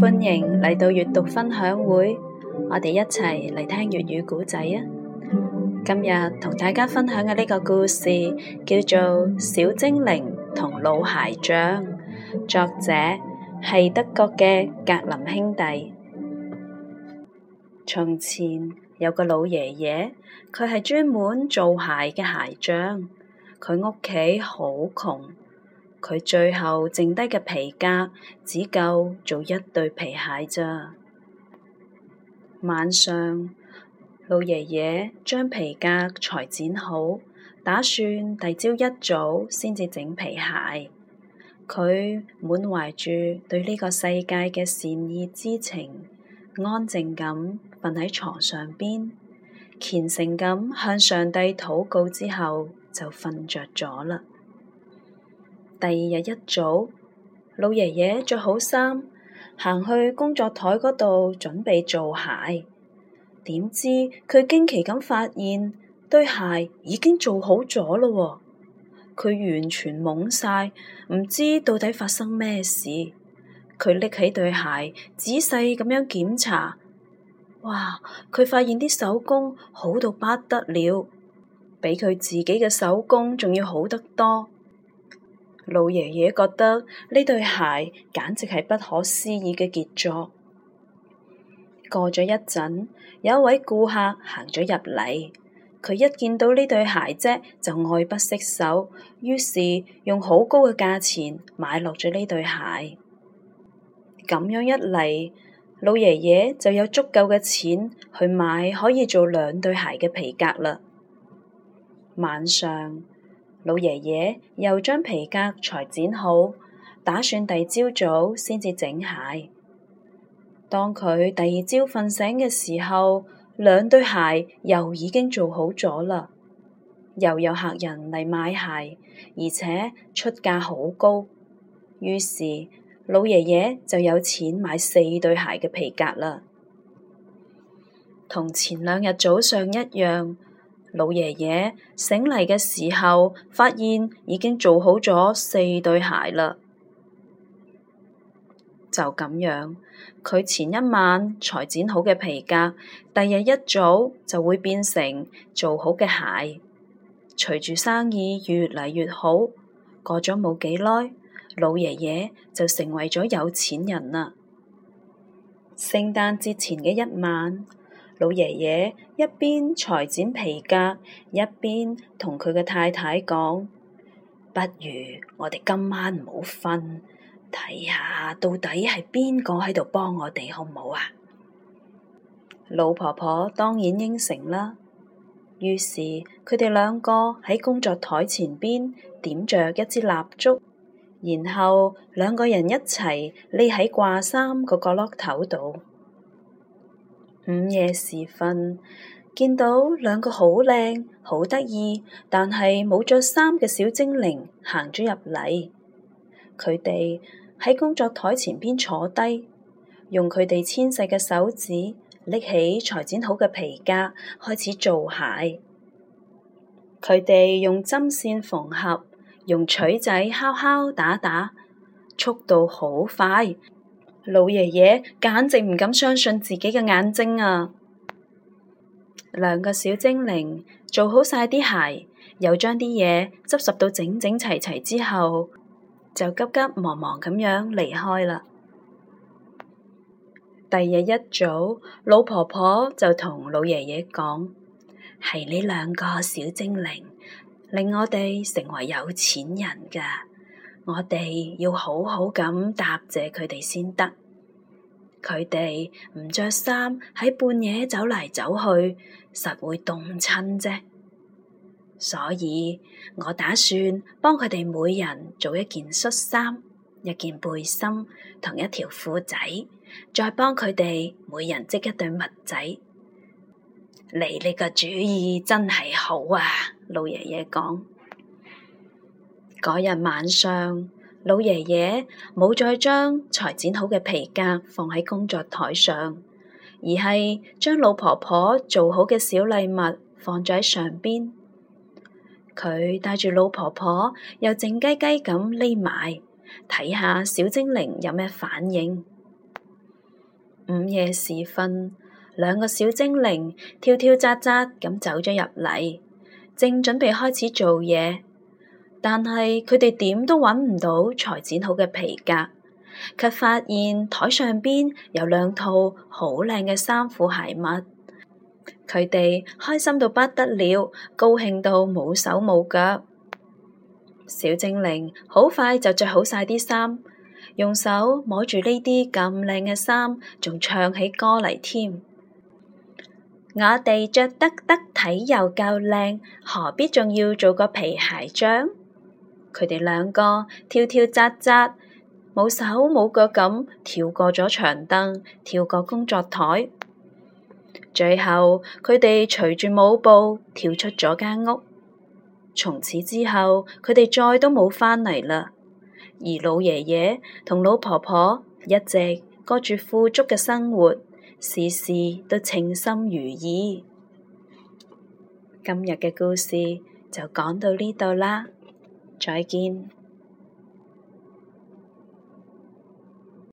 歡迎嚟到閱讀分享會，我哋一齊嚟聽粵語故仔啊！今日同大家分享嘅呢個故事叫做《小精靈同老鞋匠》，作者係德國嘅格林兄弟。從前有個老爺爺，佢係專門做鞋嘅鞋匠，佢屋企好窮。佢最後剩低嘅皮革只夠做一對皮鞋咋。晚上，老爺爺將皮革裁剪好，打算第朝一早先至整皮鞋。佢滿懷住對呢個世界嘅善意之情，安靜咁瞓喺床上邊，虔誠咁向上帝禱告之後，就瞓着咗啦。第二日一早，老爺爺着好衫，行去工作台嗰度準備做鞋。點知佢驚奇咁發現對鞋已經做好咗咯！佢完全懵晒，唔知到底發生咩事。佢拎起對鞋，仔細咁樣檢查。哇！佢發現啲手工好到不得了，比佢自己嘅手工仲要好得多。老爺爺覺得呢對鞋簡直係不可思議嘅傑作。過咗一陣，有一位顧客行咗入嚟，佢一見到呢對鞋啫，就愛不釋手，於是用好高嘅價錢買落咗呢對鞋。咁樣一嚟，老爺爺就有足夠嘅錢去買可以做兩對鞋嘅皮革啦。晚上，老爺爺又將皮革裁剪好，打算第二朝早先至整鞋。當佢第二朝瞓醒嘅時候，兩對鞋又已經做好咗啦。又有客人嚟買鞋，而且出價好高，於是老爺爺就有錢買四對鞋嘅皮革啦。同前兩日早上一樣。老爺爺醒嚟嘅時候，發現已經做好咗四對鞋啦。就咁樣，佢前一晚才剪好嘅皮革，第二日一早就會變成做好嘅鞋。隨住生意越嚟越好，過咗冇幾耐，老爺爺就成為咗有錢人啦。聖誕節前嘅一晚，老爺爺一邊裁剪皮革，一邊同佢嘅太太講：不如我哋今晚唔好瞓，睇下到底係邊個喺度幫我哋，好唔好啊？老婆婆當然應承啦。於是佢哋兩個喺工作台前邊點着一支蠟燭，然後兩個人一齊匿喺掛衫個角落頭度。午夜時分，見到兩個好靚、好得意，但係冇着衫嘅小精靈行咗入嚟。佢哋喺工作台前邊坐低，用佢哋纖細嘅手指拎起裁剪好嘅皮革，開始做鞋。佢哋用針線縫合，用錘仔敲敲打打打，速度好快。老爺爺簡直唔敢相信自己嘅眼睛啊！兩個小精靈做好晒啲鞋，又將啲嘢執拾到整整齊齊之後，就急急忙忙咁樣離開啦。第二日一早，老婆婆就同老爺爺講：係呢兩個小精靈令我哋成為有錢人㗎。我哋要好好咁答謝佢哋先得，佢哋唔着衫喺半夜走嚟走去，實會凍親啫。所以我打算幫佢哋每人做一件恤衫、一件背心同一條褲仔，再幫佢哋每人織一對襪仔。嚟，你呢個主意真係好啊，老爺爺講。嗰日晚上，老爺爺冇再將裁剪好嘅皮革放喺工作台上，而係將老婆婆做好嘅小禮物放咗喺上邊。佢帶住老婆婆又靜悄悄，又靜雞雞咁匿埋睇下小精靈有咩反應。午夜時分，兩個小精靈跳跳扎扎咁走咗入嚟，正準備開始做嘢。但係佢哋點都揾唔到裁剪好嘅皮革，卻發現台上邊有兩套好靚嘅衫褲鞋襪。佢哋開心到不得了，高興到冇手冇腳。小精靈好快就着好晒啲衫，用手摸住呢啲咁靚嘅衫，仲唱起歌嚟添。我哋着得得體又夠靚，何必仲要做個皮鞋匠？佢哋兩個跳跳扎扎，冇手冇腳咁跳過咗長凳，跳過工作台，最後佢哋隨住舞步跳出咗間屋。從此之後，佢哋再都冇返嚟啦。而老爺爺同老婆婆一直過住富足嘅生活，事事都稱心如意。今日嘅故事就講到呢度啦。再見。